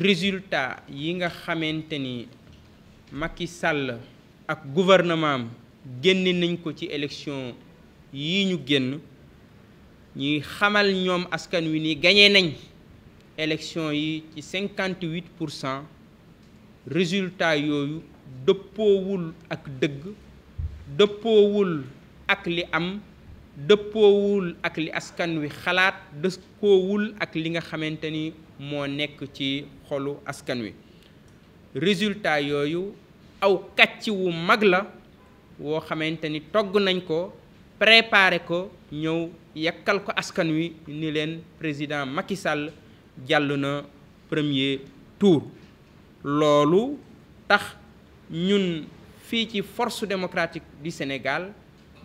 résultat yi nga xamante ni Macky Sall ak gouvernement am génne nañ ko ci élection yi ñu génn ñuy xamal ñoom askan wi ni gañee nañ élection yi ci cinquante-huit pour cent résultat yooyu dëppoowul ak dëgg dëppoowul ak li am dëppoowul ak li askan wi xalaat dëppoowul ak li nga xamante ni moo nekk ci xolu askan wi résultat yooyu aw kàcc wu mag la woo xamante ni togg nañ ko préparé ko ñëw yekkal ko askan wi ni leen président Macky Sall jàll na premier tour loolu tax ñun fii ci force démocratique du Sénégal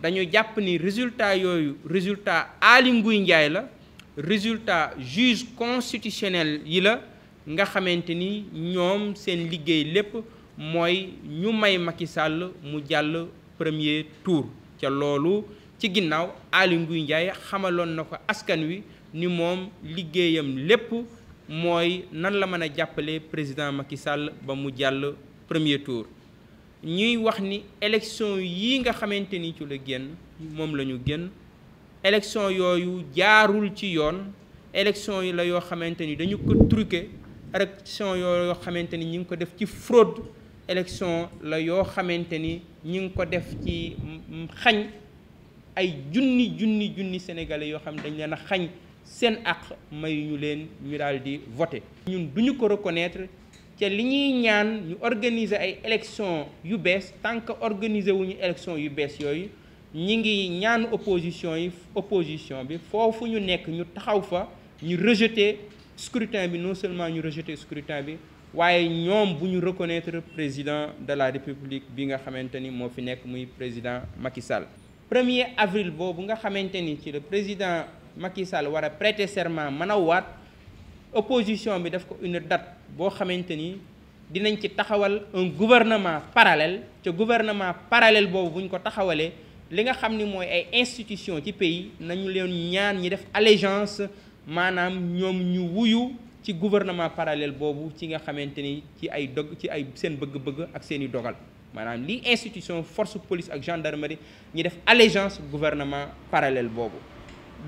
dañu jàpp ni résultat yooyu résultat Aly Ngouille Ndiaye la résultat juge constitutionnel yi la nga xamante ni ñoom seen liggéey lépp mooy ñu may Macky Sall mu jàll premier tour ca loolu ci ginnaaw Aly nguy Ndiaye xamaloon na ko askan wi ni moom liggéeyam lépp mooy nan la mën a jàppale président Macky Sall ba mu jàll premier tour ñuy wax ni élection yi nga xamante ni ci la génn moom la ñu génn élection yooyu jaarul ci yoon élection yi la yoo xamante ni dañu ko truqué élection yoo xamante ni ñi ngi ko def ci fraude élection la yoo xamante ni ñi ngi ko def ci xañ ay junni junni junni sénégalais yoo xam dañ leen a xañ seen àq mayuñu leen ñu daal di voter ñun duñu ko reconnaître ca li ñuy ñaan ñu organiser ay élection yu bees tant que organiser wuñu élection yu bees yooyu ñi ngi ñaan opposition yi opposition bi foofu ñu nekk ñu taxaw fa ñu rejeter scrutin bi non seulement ñu rejeter scrutin bi waaye ñoom bu ñu reconnaître président de la république bi nga xamante ni moo fi nekk muy président Macky Sall. 1 avril boobu nga xamante ni ci le président Macky Sall war a prêter serment mën a waat opposition bi def ko une date bo xamanteni ni dinañ ci taxawal un gouvernement parallèle ce gouvernement parallèle bobu buñ ko taxawalee li nga xamni moy ay institution ci pays nañu leen ñaan ñi def allégeance manam ñom ñu wuyu ci gouvernement parallèle bobu ci nga xamanteni ci ay dog ci ay seen bëgg-bëgg ak seeni dogal manam li institution force police ak gendarmerie ñi def allégeance gouvernement parallèle bobu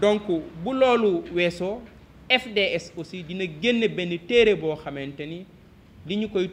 donc bu lolu wesso FDS aussi dina génne ben téré bo xamanteni ni koy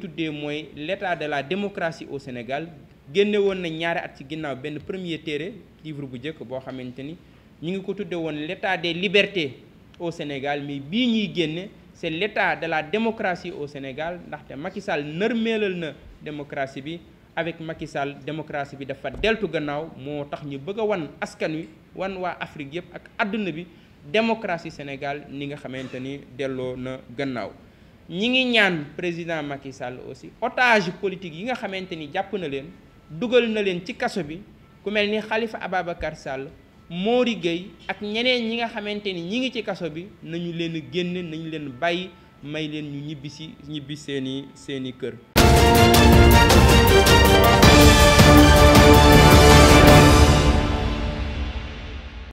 l'état de la démocratie au Sénégal génne woon na ñaari at ci ginnaw benn premier téré livre bu njëkk bo xamanteni ñi ngi ko tuddé won l'état des libertés au Sénégal mais bii ñuy c'est l'état de la démocratie au Sénégal ndaxte Macky Sall nërmeelal na démocratie bi avec Macky Sall démocratie bi dafa deltu gannaaw mo tax ñu bëgg wan askan wi wan wa Afrique yëpp ak bi démocratie Sénégal ni nga xamante ni delloo na gannaaw ñi ngi ñaan président Macky Sall aussi otage politique yi nga xamante ni jàpp na leen dugal na leen ci kaso bi ku mel ni Khalifa Ababacar Sall Mori Gueye ak ñeneen ñi nga xamante ni ñi ngi ci kaso bi nañu leen génn nañu leen bàyyi may leen ñu ñibbi si ñibbi seeni seeni kër